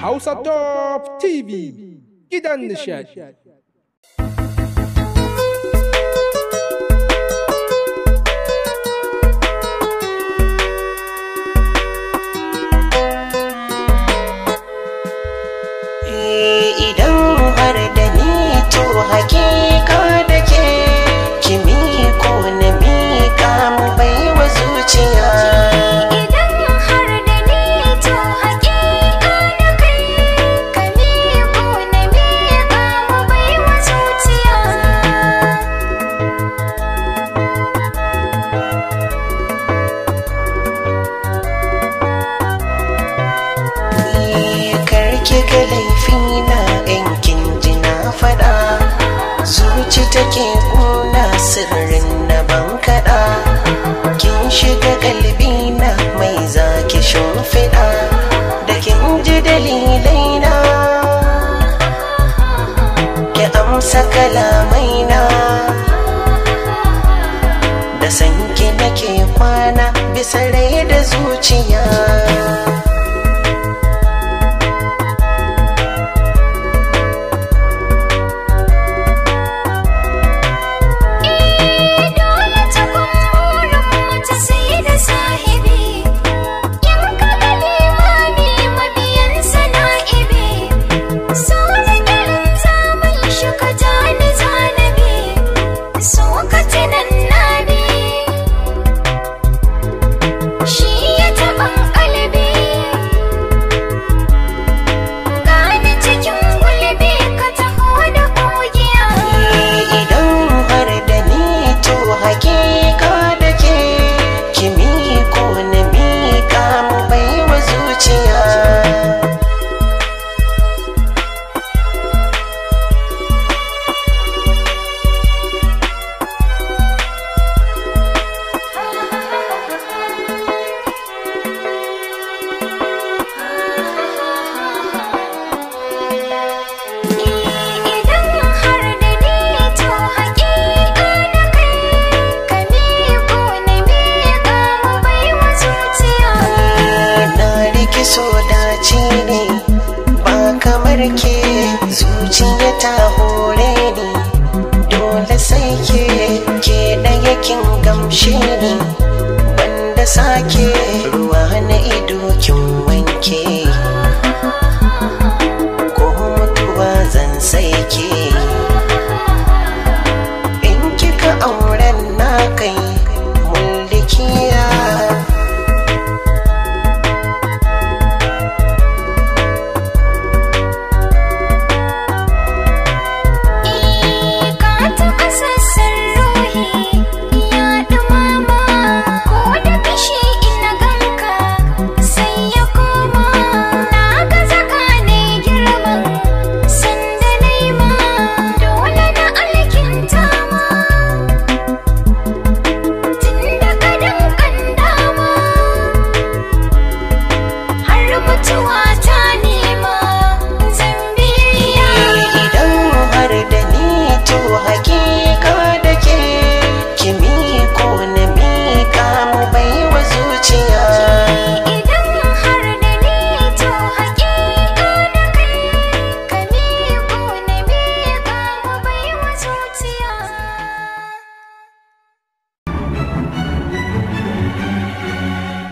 Hausa Top TV gidan nishadi. Eh, idan har da ni to hakika ki ga laifina in kin ji na faɗa zuci take kuna sirrin na bankaɗa kin shiga kalbina mai zaki shimfiɗa da kin ji dalilai na ki amsa kalamai ne ba kamar ke zuciya ta hore ne dole sai ke ke ɗaya kin gamshe ne banda sake